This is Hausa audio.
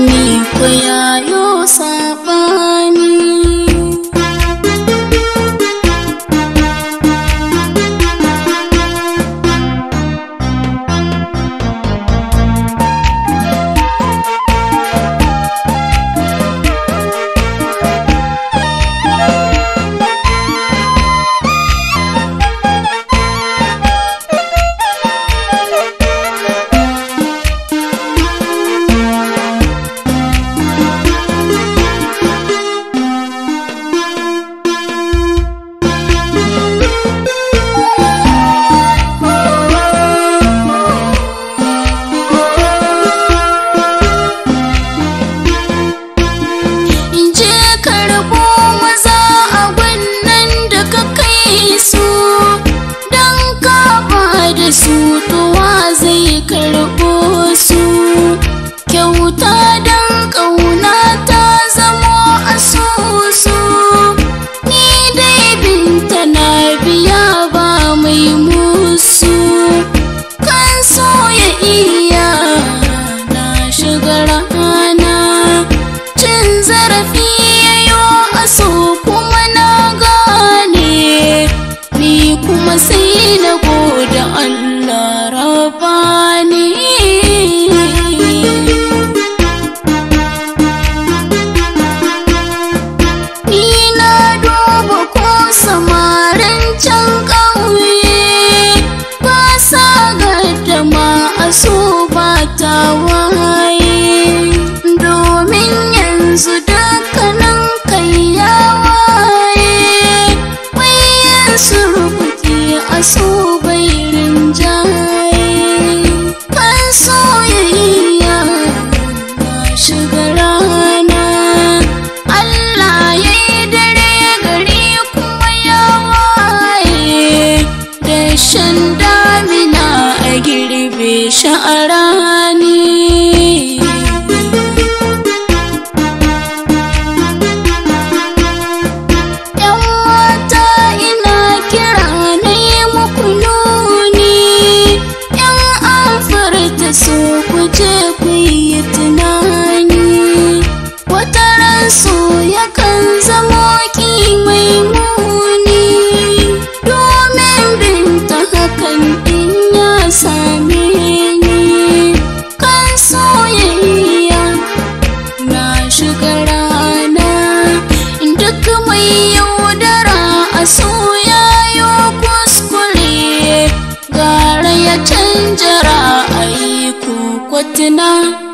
ni ku yayo san. tak ada Shut up. dinner.